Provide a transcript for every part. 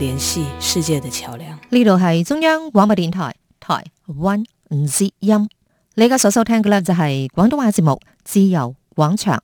聯繫世界的橋樑。呢度係中央廣播電台台灣之音，你而家所收聽嘅咧就係廣東話節目《自由廣場》，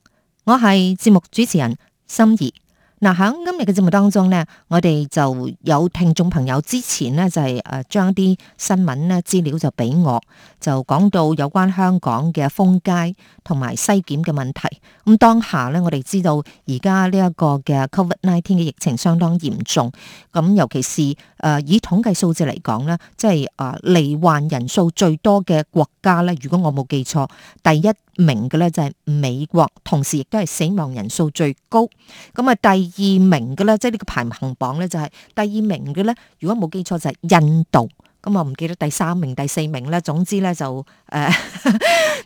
我係節目主持人心儀。嗱，喺今日嘅節目當中呢，我哋就有聽眾朋友之前呢，就係誒將啲新聞呢資料就俾我，就講到有關香港嘅封街同埋西檢嘅問題。咁當下呢，我哋知道而家呢一個嘅 Covid nineteen 嘅疫情相當嚴重。咁尤其是誒、呃、以統計數字嚟講呢，即係誒罹患人數最多嘅國家呢，如果我冇記錯，第一。名嘅咧就係美國，同時亦都係死亡人數最高。咁啊第二名嘅咧，即係呢個排行榜咧就係、是、第二名嘅咧。如果冇記錯就係印度。咁啊唔記得第三名、第四名咧。總之咧就誒，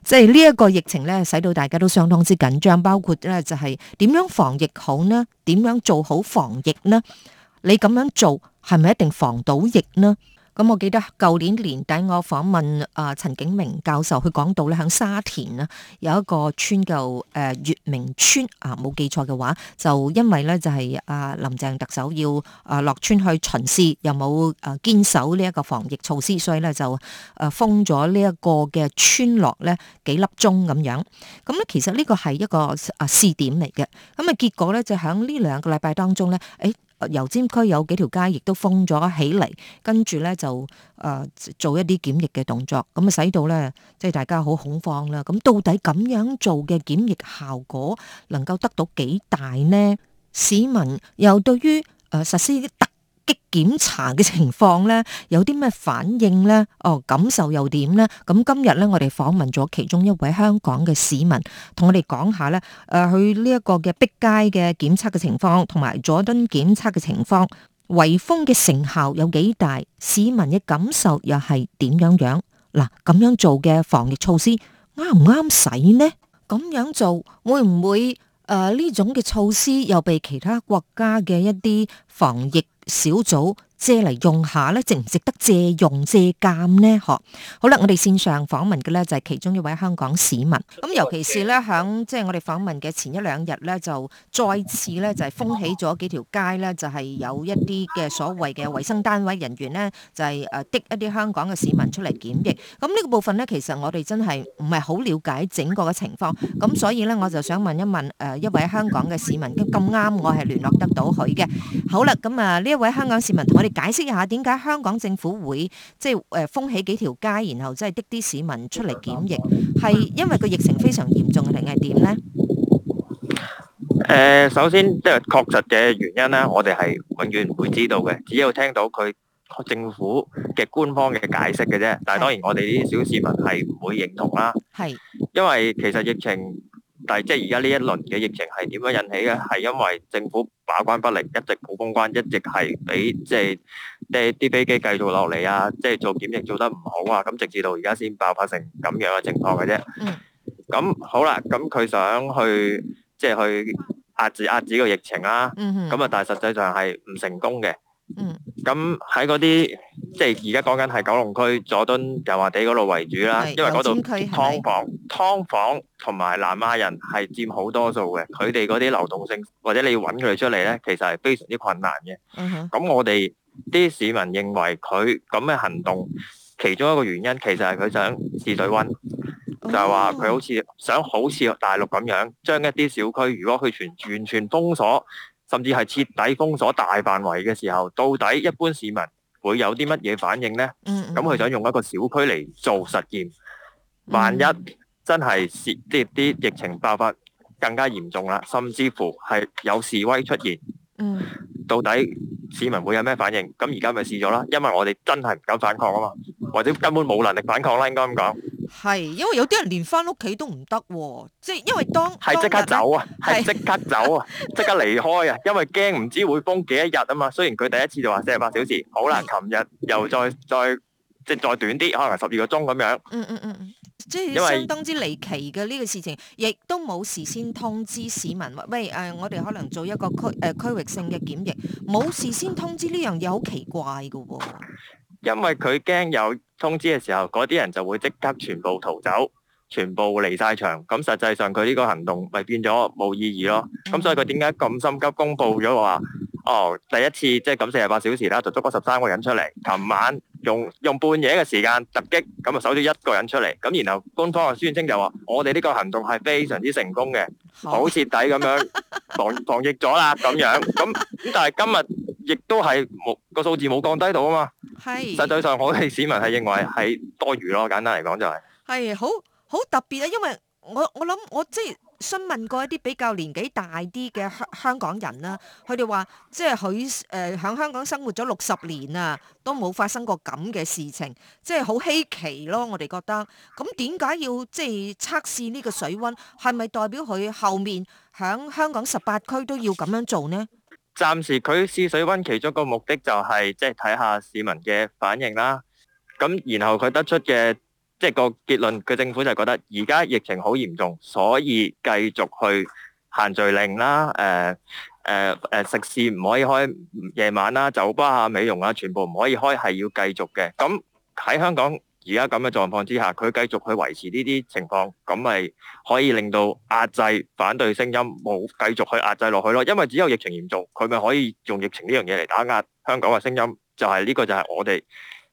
即係呢一個疫情咧，使到大家都相當之緊張。包括咧就係點樣防疫好呢？點樣做好防疫呢？你咁樣做係咪一定防到疫呢？咁我記得舊年年底我訪問啊陳景明教授，佢講到咧喺沙田咧有一個村叫誒、呃、月明村啊，冇記錯嘅話，就因為咧就係、是、啊林鄭特首要啊落村去巡視，又冇誒堅守呢一個防疫措施，所以咧就誒封咗呢個、嗯、一個嘅村落咧幾粒鐘咁樣。咁咧其實呢個係一個啊試點嚟嘅。咁啊結果咧就喺呢兩個禮拜當中咧，誒、哎。油尖區有幾條街亦都封咗起嚟，跟住呢就誒、呃、做一啲檢疫嘅動作，咁啊使到呢，即係大家好恐慌啦。咁到底咁樣做嘅檢疫效果能夠得到幾大呢？市民又對於誒、呃、實施擊檢查嘅情況呢，有啲咩反應呢？哦，感受又點呢？咁今日呢，我哋訪問咗其中一位香港嘅市民，同我哋講下呢，誒、呃，佢呢一個嘅逼街嘅檢測嘅情況，同埋佐敦檢測嘅情況，圍封嘅成效有幾大？市民嘅感受又係點樣樣？嗱，咁樣做嘅防疫措施啱唔啱使呢？咁樣做會唔會？呃、呢種嘅措施又被其他國家嘅一啲防疫小組，借嚟用下咧，值唔值得借用借鑑呢？嗬，好啦，我哋線上訪問嘅咧就係其中一位香港市民。咁尤其是咧，響即係我哋訪問嘅前一兩日咧，就再次咧就係封起咗幾條街咧，就係有一啲嘅所謂嘅衞生單位人員咧，就係誒啲一啲香港嘅市民出嚟檢疫。咁呢個部分咧，其實我哋真係唔係好了解整個嘅情況。咁所以咧，我就想問一問誒一位香港嘅市民，咁啱我係聯絡得到佢嘅。好啦，咁啊呢一位香港市民同我哋，解釋一下點解香港政府會即係封起幾條街，然後即係啲市民出嚟檢疫，係因為個疫情非常嚴重定係點呢。但係即係而家呢一輪嘅疫情係點樣引起嘅？係因為政府把關不力，一直冇封關，一直係俾即係即係啲飛機繼續落嚟啊！即係做檢疫做得唔好啊！咁直至到而家先爆發成咁樣嘅情況嘅啫。咁、嗯、好啦，咁佢想去即係去壓住壓住個疫情啦。咁啊、嗯，嗯、但係實際上係唔成功嘅。嗯嗯。咁喺嗰啲，即係而家講緊係九龍區佐敦、油麻地嗰度為主啦，因為嗰度劏房、劏房同埋南亞人係佔好多數嘅，佢哋嗰啲流動性或者你要揾佢哋出嚟呢，其實係非常之困難嘅。咁、uh huh. 我哋啲市民認為佢咁嘅行動，其中一個原因其實係佢想試水溫，就係話佢好似、uh huh. 想好似大陸咁樣，將一啲小區如果佢全完全封鎖。甚至係徹底封鎖大範圍嘅時候，到底一般市民會有啲乜嘢反應呢？咁佢、嗯嗯、想用一個小區嚟做實驗，萬一真係跌啲疫情爆發更加嚴重啦，甚至乎係有示威出現。嗯到底市民會有咩反應？咁而家咪試咗啦，因為我哋真係唔敢反抗啊嘛，或者根本冇能力反抗啦，應該咁講。係，因為有啲人連返屋企都唔得喎，即係因為當係即刻走啊，係即 刻走啊，即刻離開啊，因為驚唔知會封幾一日啊嘛。雖然佢第一次就話四十八小時，好啦，琴日是又再再，再即係再短啲，可能十二個鐘咁樣。嗯嗯嗯。嗯嗯。即係相當之離奇嘅呢、這個事情，亦都冇事先通知市民。喂，誒、呃，我哋可能做一個區誒、呃、區域性嘅檢疫，冇事先通知呢樣嘢，好奇怪㗎喎。因為佢驚有通知嘅時候，嗰啲人就會即刻全部逃走。全部離曬場，咁實際上佢呢個行動咪變咗冇意義咯。咁所以佢點解咁心急公佈咗話？哦，第一次即係咁四十八小時啦，就捉咗十三個人出嚟。琴晚用用半夜嘅時間突擊，咁啊守咗一個人出嚟。咁然後官方啊宣稱就話：我哋呢個行動係非常之成功嘅，好徹底咁樣防防疫咗啦。咁樣咁咁，但係今日亦都係冇個數字冇降低到啊嘛。係實際上我哋市民係認為係多餘咯。簡單嚟講就係係好。好特別啊，因為我我諗我即係詢問過一啲比較年紀大啲嘅香香港人啦、啊，佢哋話即係佢誒響香港生活咗六十年啊，都冇發生過咁嘅事情，即係好稀奇咯。我哋覺得咁點解要即係測試呢個水溫，係咪代表佢後面響香港十八區都要咁樣做呢？暫時佢試水溫其中個目的就係即係睇下市民嘅反應啦，咁然後佢得出嘅。即係個結論，個政府就覺得而家疫情好嚴重，所以繼續去限聚令啦，誒誒誒食肆唔可以開夜晚啦，酒吧啊、美容啊，全部唔可以開，係要繼續嘅。咁喺香港而家咁嘅狀況之下，佢繼續去維持呢啲情況，咁咪可以令到壓制反對聲音，冇繼續去壓制落去咯。因為只有疫情嚴重，佢咪可以用疫情呢樣嘢嚟打壓香港嘅聲音，就係呢個就係我哋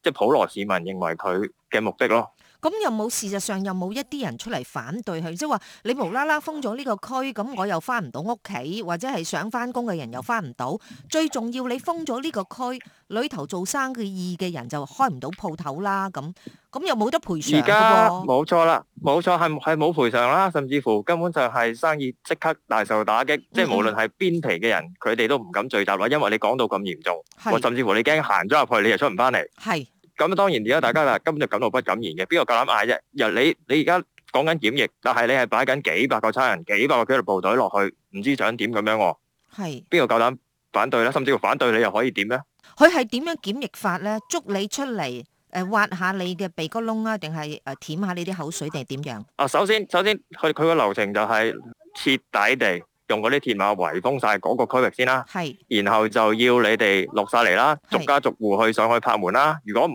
即係普羅市民認為佢嘅目的咯。咁又冇，事實上又冇一啲人出嚟反對佢，即係話你無啦啦封咗呢個區，咁我又翻唔到屋企，或者係想翻工嘅人又翻唔到。最重要，你封咗呢個區，裏頭做生意嘅人就開唔到鋪頭啦。咁咁又冇得賠償，而家冇錯啦，冇錯係係冇賠償啦，甚至乎根本上係生意即刻大受打擊。嗯、即係無論係邊皮嘅人，佢哋都唔敢聚集啦，因為你講到咁嚴重，我是甚至乎你驚行咗入去，你又出唔翻嚟。係。咁啊，當然而家大家啦，根本就敢怒不敢言嘅，邊個夠膽嗌啫？又你你而家講緊檢疫，但係你係擺緊幾百個差人、幾百個紀律部隊落去，唔知想點咁樣喎。係邊個夠膽反對咧？甚至乎反對你又可以點咧？佢係點樣檢疫法咧？捉你出嚟，誒挖下你嘅鼻哥窿啊，定係誒舔下你啲口水定係點樣？啊，首先首先佢佢個流程就係徹底地。用嗰啲鐵馬圍封曬嗰個區域先啦，係，然後就要你哋落曬嚟啦，逐家逐戶去上去拍門啦。如果唔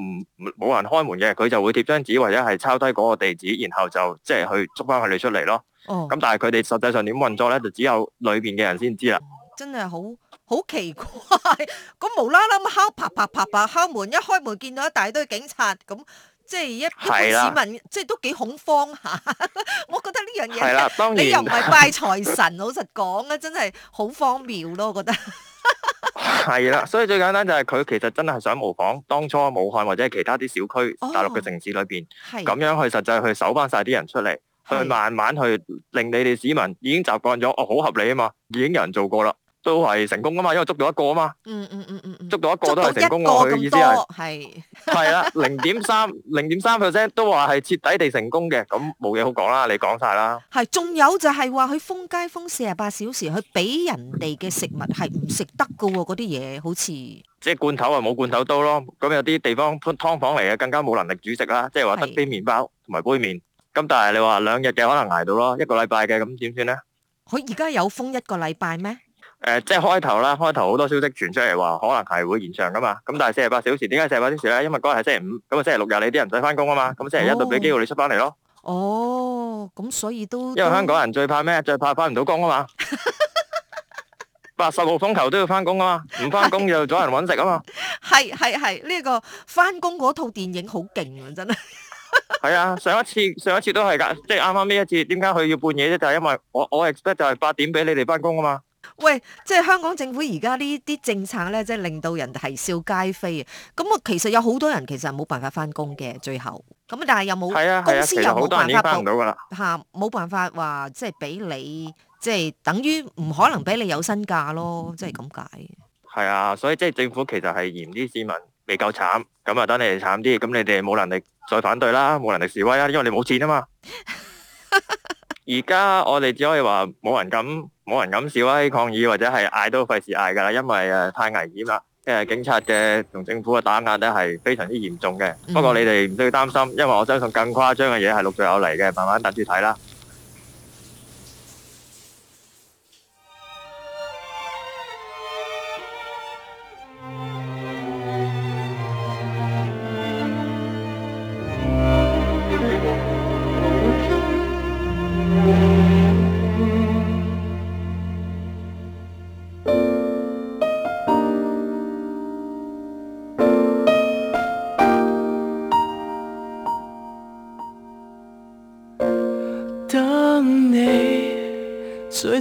冇人開門嘅，佢就會貼張紙或者係抄低嗰個地址，然後就即係去捉翻佢哋出嚟咯。哦，咁但係佢哋實際上點運作呢？就只有裏邊嘅人先知喇。真係好好奇怪，咁無啦啦咁敲，啪啪啪啪敲門，一開門見到一大堆警察咁。即係一般市民，的即係都幾恐慌下，我覺得呢樣嘢，你又唔係拜財神，老實講啊，真係好荒謬咯，我覺得。係啦，所以最簡單就係佢其實真係想模仿當初武漢或者其他啲小區大陸嘅城市裏邊咁樣去實際去搜翻晒啲人出嚟，去的慢慢去令你哋市民已經習慣咗，哦，好合理啊嘛，已經有人做過啦。都係成功噶嘛，因為捉到一個啊嘛，嗯嗯嗯嗯，捉到一個都係成功嘅。佢意思係係係啊，零點三零點三 percent 都話係徹底地成功嘅，咁冇嘢好講啦，你講晒啦。係仲有就係話佢封街封四十八小時，佢俾人哋嘅食物係唔食得噶喎，嗰啲嘢好似即係罐頭啊，冇罐頭刀咯。咁有啲地方鋪湯房嚟嘅，更加冇能力煮食啦。即係話得啲麵包同埋杯麵。咁但係你話兩日嘅可能捱到咯，一個禮拜嘅咁點算咧？佢而家有封一個禮拜咩？誒，即係開頭啦，開頭好多消息傳出嚟話，可能係會延長噶嘛。咁但係四十八小時，點解四十八小時咧？因為嗰日係星期五，咁啊星期六日你啲人唔使翻工啊嘛。咁星期一就俾機會你出翻嚟咯。哦，咁所以都，因為香港人最怕咩？最怕翻唔到工啊嘛。八十號風球都要翻工啊嘛，唔翻工又阻人揾食啊嘛。係係係，呢個翻工嗰套電影好勁啊，真係。係啊，上一次上一次都係噶，即係啱啱呢一次，點解佢要半夜啫？就係因為我我 expect 就係八點俾你哋翻工啊嘛。喂，即係香港政府而家呢啲政策咧，即係令到人啼笑皆非啊！咁啊，其實有好多人其實冇辦法翻工嘅，最後咁，但係又冇啊，公司、啊、其實 又冇辦法翻唔到噶啦吓，冇、啊、辦法話即係俾你，即係等於唔可能俾你有薪假咯，即係咁解。係啊，所以即係政府其實係嫌啲市民未夠慘，咁啊，等你哋慘啲，咁你哋冇能力再反對啦，冇能力示威啦，因為你冇錢啊嘛。而家 我哋只可以話冇人敢。冇人敢示威抗議或者係嗌，都費事嗌噶啦，因為誒、呃、太危險啦。誒、呃，警察嘅同政府嘅打壓咧係非常之嚴重嘅。不過你哋唔需要擔心，因為我相信更誇張嘅嘢係陸續有嚟嘅。慢慢等住睇啦。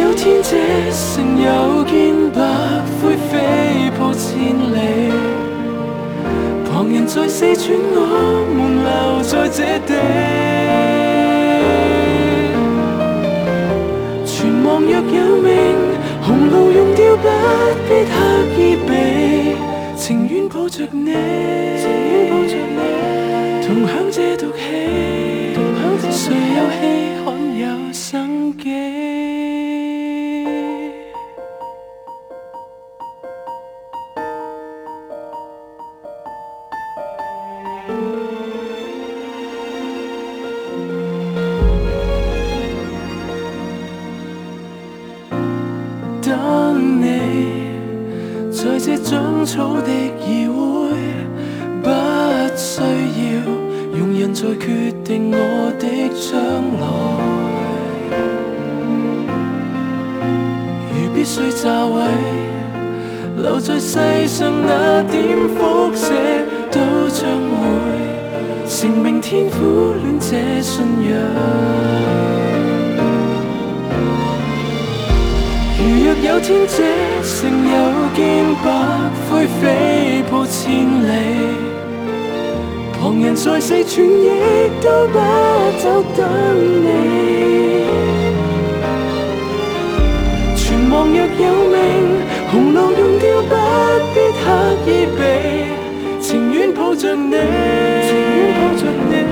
有天這城又見白灰飛破千里，旁人在四處，我們留在這地。存亡若有命，紅路用掉不必刻意避，情願抱着你，情願抱着你，同享這毒氣，誰有希罕有生機？人在四處亦都不走，等你。全忘若有命，紅路用掉不必刻意避，情願抱着你。情願抱着你，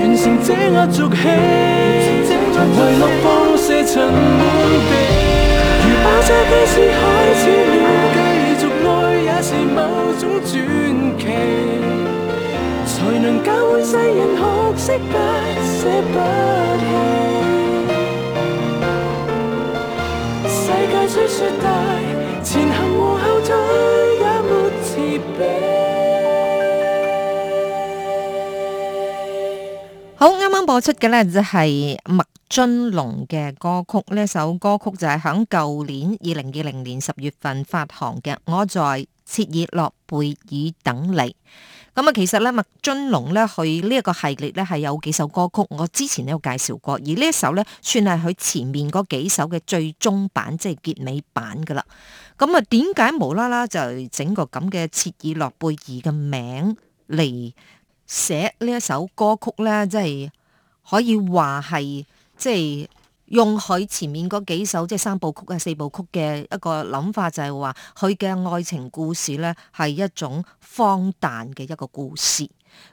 完成這壓軸戲。同遺落放射塵滿地，如爆炸既已開始了，繼續愛也是某種傳奇。能教會世人學識不捨不棄，世界雖説大，前行和後退也沒慈悲。好啱啱播出嘅呢，就係麥浚龍嘅歌曲，呢首歌曲就係喺舊年二零二零年十月份發行嘅《我在》。切爾諾貝爾等你，咁啊，其實咧，麥尊龍咧，佢呢一個系列咧，係有幾首歌曲，我之前都有介紹過，而呢一首咧算係佢前面嗰幾首嘅最終版，即係結尾版噶啦。咁啊，點解無啦啦就整個咁嘅切爾諾貝爾嘅名嚟寫呢一首歌曲咧？即係可以話係即係。就是用佢前面嗰幾首，即係三部曲啊、四部曲嘅一個諗法就，就係話佢嘅愛情故事呢係一種荒誕嘅一個故事。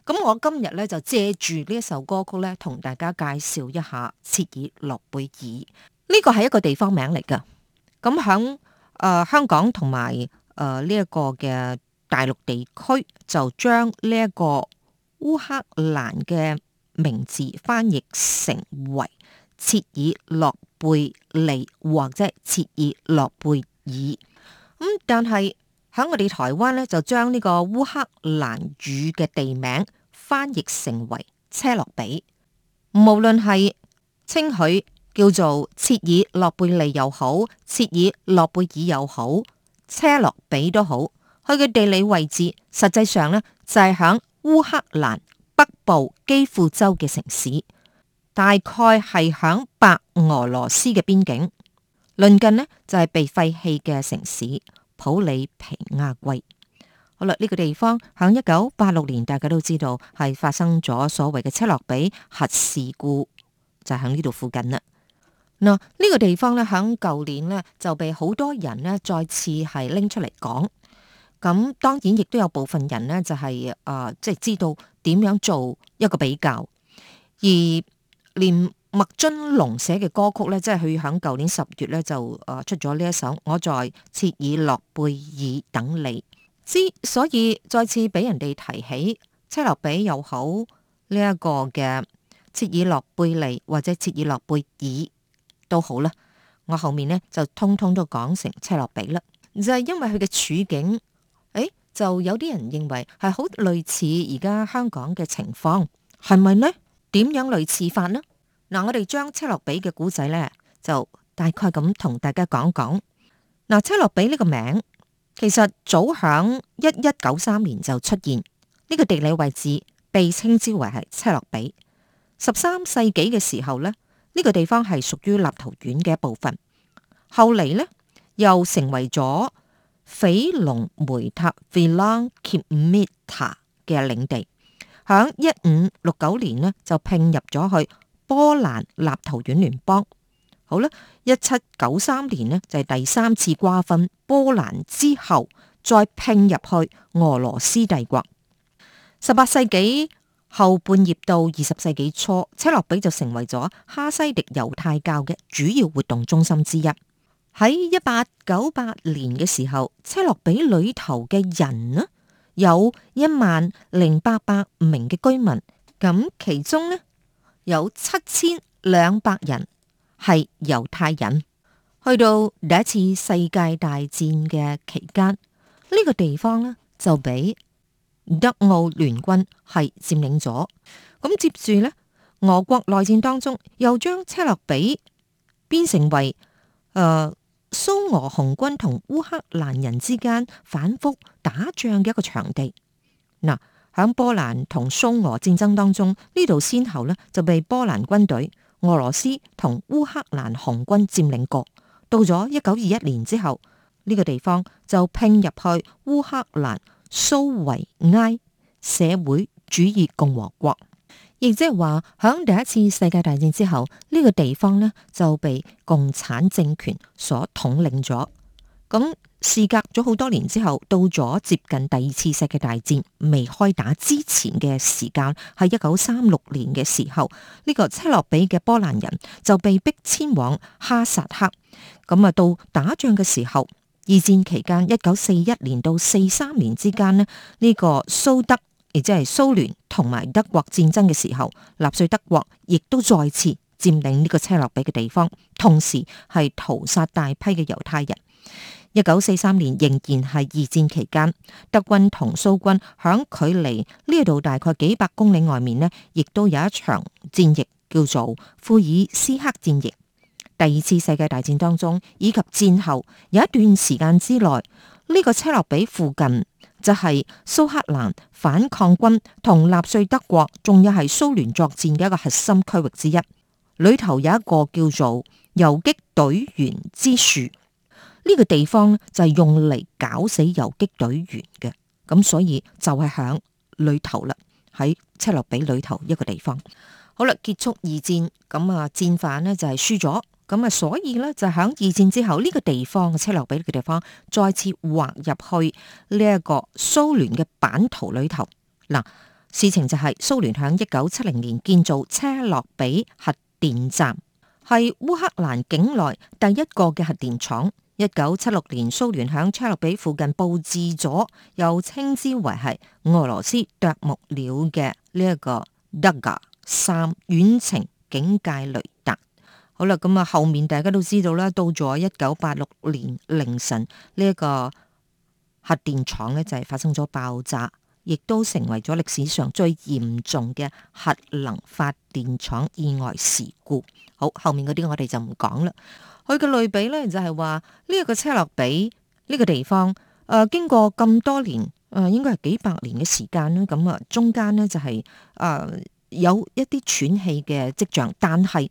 咁我今日呢，就借住呢一首歌曲呢，同大家介紹一下切爾諾貝爾。呢、這個係一個地方名嚟噶。咁響誒香港同埋誒呢一個嘅大陸地區，就將呢一個烏克蘭嘅名字翻譯成為。切爾諾貝利或者切爾諾貝爾，咁、嗯、但係喺我哋台灣呢，就將呢個烏克蘭語嘅地名翻譯成為車諾比。無論係稱佢叫做切爾諾貝利又好，切爾諾貝爾又好，車諾比都好，佢嘅地理位置實際上呢，就係響烏克蘭北部基輔州嘅城市。大概係響白俄羅斯嘅邊境鄰近呢就係、是、被廢棄嘅城市普里皮亞季。好啦，呢、這個地方響一九八六年，大家都知道係發生咗所謂嘅切爾諾比核事故，就喺呢度附近啦。嗱、嗯，呢、這個地方呢響舊年呢就被好多人呢再次係拎出嚟講。咁、嗯、當然亦都有部分人呢就係、是、啊，即、呃、係、就是、知道點樣做一個比較而。連麥浚龍寫嘅歌曲咧，即係佢響舊年十月咧就誒出咗呢一首《我在切爾諾貝爾等你》。之所以再次俾人哋提起切諾比又好呢一、這個嘅切爾諾貝利或者切爾諾貝爾都好啦，我後面呢就通通都講成切諾比啦，就係、是、因為佢嘅處境，誒、哎、就有啲人認為係好類似而家香港嘅情況，係咪呢？點樣類似法呢？嗱，我哋將車洛比嘅古仔呢，就大概咁同大家講講。嗱，車洛比呢個名其實早響一一九三年就出現，呢個地理位置被稱之為係車洛比。十三世紀嘅時候呢，呢個地方係屬於立陶宛嘅一部分。後嚟呢，又成為咗斐龍梅塔 Vilnius 嘅領地。喺一五六九年呢，就併入咗去波蘭立陶宛聯邦，好啦，一七九三年呢，就係、是、第三次瓜分波蘭之後再併入去俄羅斯帝國。十八世紀後半葉到二十世紀初，車諾比就成為咗哈西迪猶太教嘅主要活動中心之一。喺一八九八年嘅時候，車諾比裏頭嘅人呢？有一萬零八百名嘅居民，咁其中呢，有七千兩百人係猶太人。去到第一次世界大戰嘅期間，呢、這個地方呢，就俾德奧聯軍係佔領咗。咁接住呢，俄國內戰當中，又將車洛比變成為誒。呃蘇俄紅軍同烏克蘭人之間反復打仗嘅一個場地。嗱，響波蘭同蘇俄戰爭當中，呢度先後呢就被波蘭軍隊、俄羅斯同烏克蘭紅軍佔領過。到咗一九二一年之後，呢個地方就拼入去烏克蘭蘇維埃社會主義共和國。亦即係話，響第一次世界大戰之後，呢個地方呢就被共產政權所統領咗。咁事隔咗好多年之後，到咗接近第二次世界大戰未開打之前嘅時間，係一九三六年嘅時候，呢個車諾比嘅波蘭人就被逼遷往哈薩克。咁啊，到打仗嘅時候，二戰期間一九四一年到四三年之間咧，呢個蘇德。亦即係蘇聯同埋德國戰爭嘅時候，納粹德國亦都再次佔領呢個車諾比嘅地方，同時係屠殺大批嘅猶太人。一九四三年仍然係二戰期間，德軍同蘇軍響距離呢度大概幾百公里外面呢，亦都有一場戰役叫做庫爾斯克戰役。第二次世界大戰當中以及戰後有一段時間之內，呢個車諾比附近。就係蘇克蘭反抗軍同納粹德國，仲有係蘇聯作戰嘅一個核心區域之一。裏頭有一個叫做游擊隊員之樹呢，這個地方就係用嚟搞死游擊隊員嘅，咁，所以就係響裏頭啦。喺車諾比裏頭一個地方。好啦，結束二戰咁啊，戰犯呢就係輸咗。咁啊，所以咧就響二戰之後呢個地方嘅車諾比嘅地方再次劃入去呢一個蘇聯嘅版圖裏頭嗱，事情就係蘇聯響一九七零年建造車諾比核電站，係烏克蘭境內第一個嘅核電廠，一九七六年蘇聯響車諾比附近布置咗，又稱之為係俄羅斯啄木鳥嘅呢一個 Duga 三遠程警戒雷達。好啦，咁啊，後面大家都知道啦，到咗一九八六年凌晨呢一個核電廠咧，就係發生咗爆炸，亦都成為咗歷史上最嚴重嘅核能發電廠意外事故。好，後面嗰啲我哋就唔講啦。佢嘅類比咧，就係話呢一個車諾比呢個地方誒，經過咁多年誒，應該係幾百年嘅時間啦。咁啊，中間呢，就係誒有一啲喘氣嘅跡象，但係，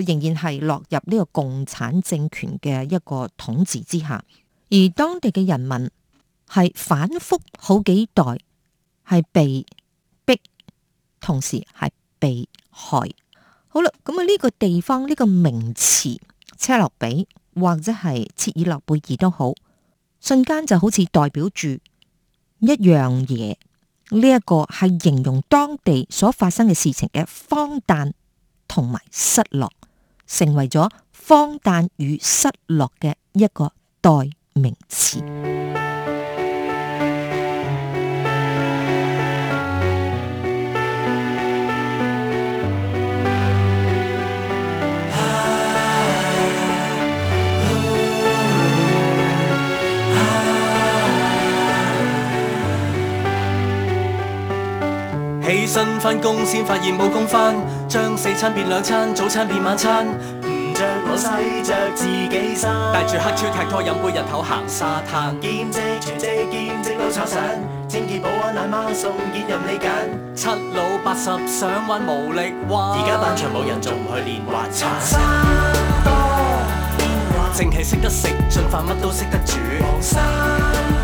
仍然係落入呢個共產政權嘅一個統治之下，而當地嘅人民係反覆好幾代係被逼，同時係被害。好啦，咁啊呢個地方呢個名詞車諾比或者係切爾諾貝爾都好，瞬間就好似代表住一樣嘢。呢一個係形容當地所發生嘅事情嘅荒誕同埋失落。成為咗荒誕與失落嘅一個代名詞。起身翻工先發現冇工翻，將四餐變兩餐，早餐變晚餐。唔着老西着自己衫，帶住黑超踢拖飲杯日頭行沙灘。兼職全職兼職都炒神，清潔保安奶媽送件任你揀。七老八十想玩無力玩，而家板場冇人仲唔去練滑潺。山多變幻，凈係識得食，進飯乜都識得煮。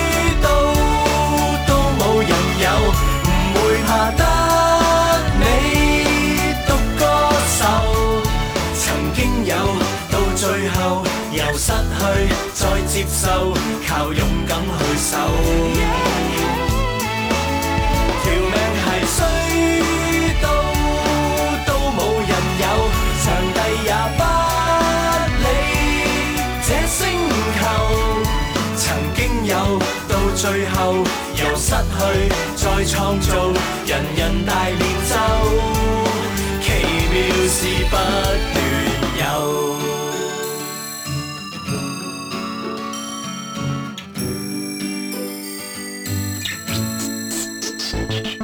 得你獨個受，曾經有，到最後又失去，再接受，靠勇敢去守。Yeah. 條命係衰到都冇人有，上帝也不理這星球。曾經有，到最後。失去再創造，人人大練習，奇妙事不斷有。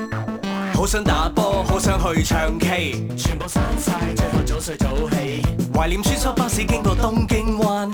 好想打波，好想去唱 K，全部刪晒。最後早睡早起。懷念穿梭巴士經過東京灣。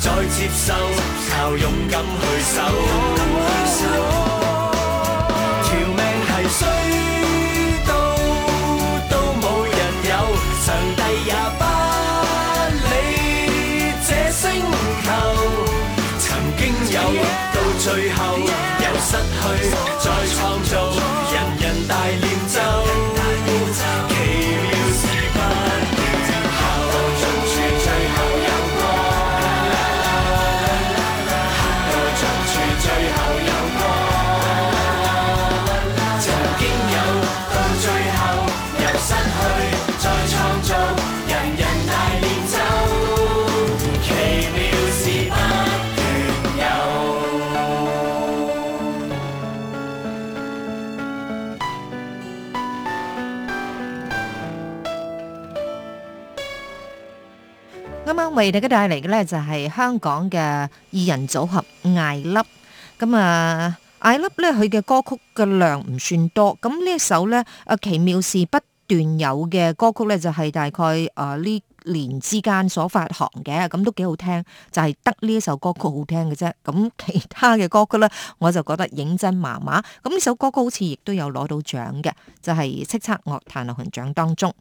再接受，靠勇敢去守。條 命係衰到都冇人有，上帝也不理這星球。曾經有，Yeah. 到最後又 Yeah. 失去，再創造。為大家帶嚟嘅呢就係香港嘅二人組合艾粒，咁啊艾粒呢佢嘅歌曲嘅量唔算多，咁呢一首呢啊奇妙事不斷有嘅歌曲呢就係大概啊呢。年之間所發行嘅，咁都幾好聽，就係得呢一首歌曲好聽嘅啫。咁其他嘅歌曲呢，我就覺得認真麻麻。咁呢首歌曲好似亦都有攞到獎嘅，就係叱咤樂壇流行獎當中。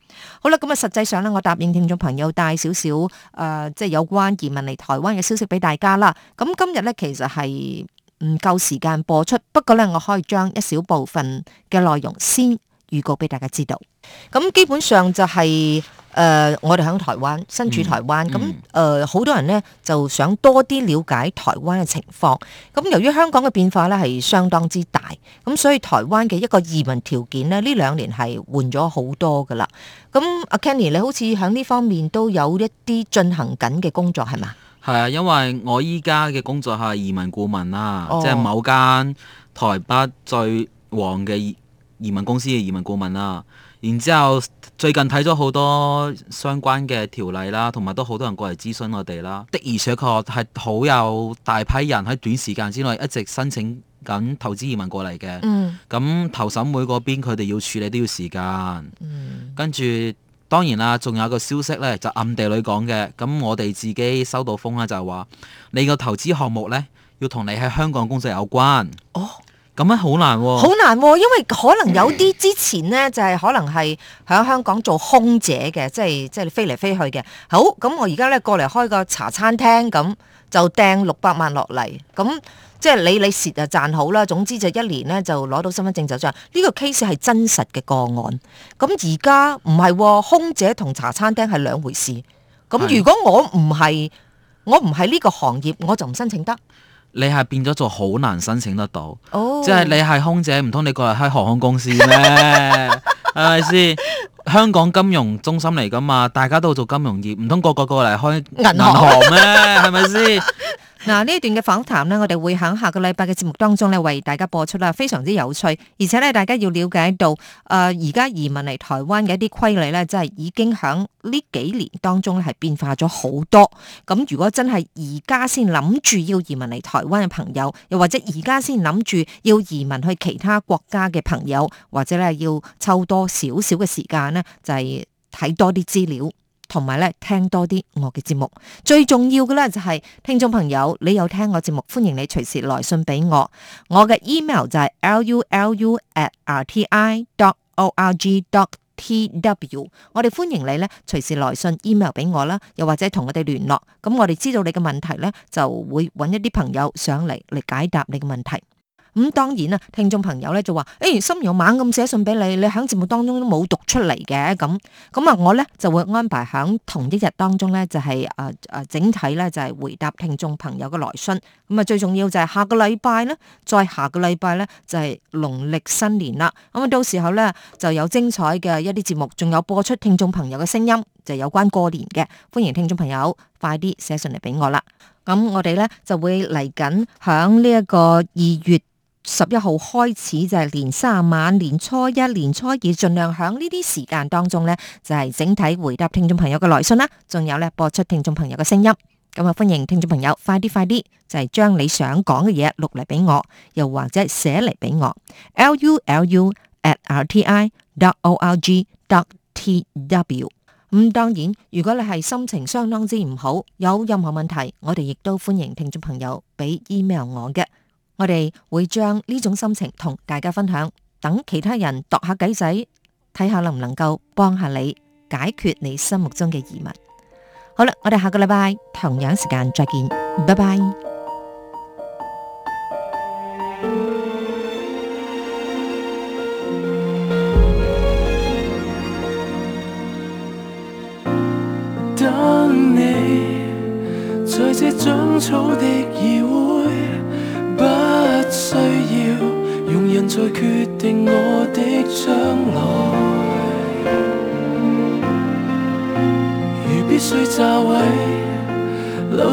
好啦，咁啊，實際上呢，我答應聽眾朋友帶少少，誒、呃，即係有關移民嚟台灣嘅消息俾大家啦。咁今日呢，其實係唔夠時間播出，不過呢，我可以將一小部分嘅內容先。預告俾大家知道，咁基本上就係、是、誒、呃，我哋喺台灣，身處台灣，咁誒、嗯，好、呃、多人呢就想多啲了解台灣嘅情況。咁由於香港嘅變化呢係相當之大，咁所以台灣嘅一個移民條件呢，呢兩年係換咗好多噶啦。咁阿 Kenny 你好似喺呢方面都有一啲進行緊嘅工作係嘛？係啊，因為我依家嘅工作係移民顧問啦，哦、即係某間台北最旺嘅。移民公司嘅移民顧問啦，然之後最近睇咗好多相關嘅條例啦，同埋都好多人過嚟諮詢我哋啦。的而且確係好有大批人喺短時間之內一直申請緊投資移民過嚟嘅。嗯。咁投審會嗰邊佢哋要處理都要時間。嗯。跟住當然啦，仲有個消息呢，就暗地裏講嘅。咁我哋自己收到風咧，就係、是、話你個投資項目呢，要同你喺香港工作有關。哦。咁啊，好難，哦！好難，哦，因為可能有啲之前呢，就係、是，可能係喺香港做空姐嘅，即係即係飛嚟飛去嘅。好，咁我而家呢，過嚟開個茶餐廳，咁就掟六百萬落嚟，咁即係你你蝕就賺好啦。總之就一年呢，就攞到身份證就將。呢，這個 case 係真實嘅個案。咁而家唔係空姐同茶餐廳係兩回事。咁如果我唔係是我唔係呢個行業，我就唔申請得。你係變咗做好難申請得到，oh. 即係你係空姐，唔通你過嚟開航空公司咩？係咪先？香港金融中心嚟噶嘛，大家都做金融業，唔通個個過嚟開銀行咩？係咪先？ 是嗱，呢一段嘅訪談咧，我哋會喺下個禮拜嘅節目當中咧，為大家播出啦，非常之有趣，而且咧，大家要了解到，誒、呃，而家移民嚟台灣嘅一啲規例咧，真係已經喺呢幾年當中咧係變化咗好多。咁如果真係而家先諗住要移民嚟台灣嘅朋友，又或者而家先諗住要移民去其他國家嘅朋友，或者咧要抽多少少嘅時間咧，就係、是、睇多啲資料。同埋咧，聽多啲我嘅節目。最重要嘅咧就係、是、聽眾朋友，你有聽我節目，歡迎你隨時來信俾我。我嘅 email 就係 lulu@rti.org.tw。我哋歡迎你咧，隨時來信 email 俾我啦，又或者同我哋聯絡。咁、嗯、我哋知道你嘅問題咧，就會揾一啲朋友上嚟嚟解答你嘅問題。咁當然啦，聽眾朋友咧就話，誒、哎，心有猛咁寫信俾你，你喺節目當中都冇讀出嚟嘅。咁咁啊，我咧就會安排喺同一日當中咧，就係誒誒整體咧就係、是、回答聽眾朋友嘅來信。咁啊，最重要就係下個禮拜咧，再下個禮拜咧就係農曆新年啦。咁啊，到時候咧就有精彩嘅一啲節目，仲有播出聽眾朋友嘅聲音，就有關過年嘅。歡迎聽眾朋友快啲寫信嚟俾我啦。咁我哋咧就會嚟緊響呢一個二月。十一號開始就係、是、年卅晚，年初一、年初二，盡量喺呢啲時間當中呢，就係、是、整體回答聽眾朋友嘅來信啦。仲有呢，播出聽眾朋友嘅聲音。咁啊，歡迎聽眾朋友快啲、快啲，就係、是、將你想講嘅嘢錄嚟俾我，又或者寫嚟俾我。lulu@rti.org.tw 咁、嗯、當然，如果你係心情相當之唔好，有任何問題，我哋亦都歡迎聽眾朋友俾 email 我嘅。我哋會將呢種心情同大家分享，等其他人度下計仔，睇下能唔能夠幫下你解決你心目中嘅疑問。好啦，我哋下個禮拜同樣時間再見，拜拜。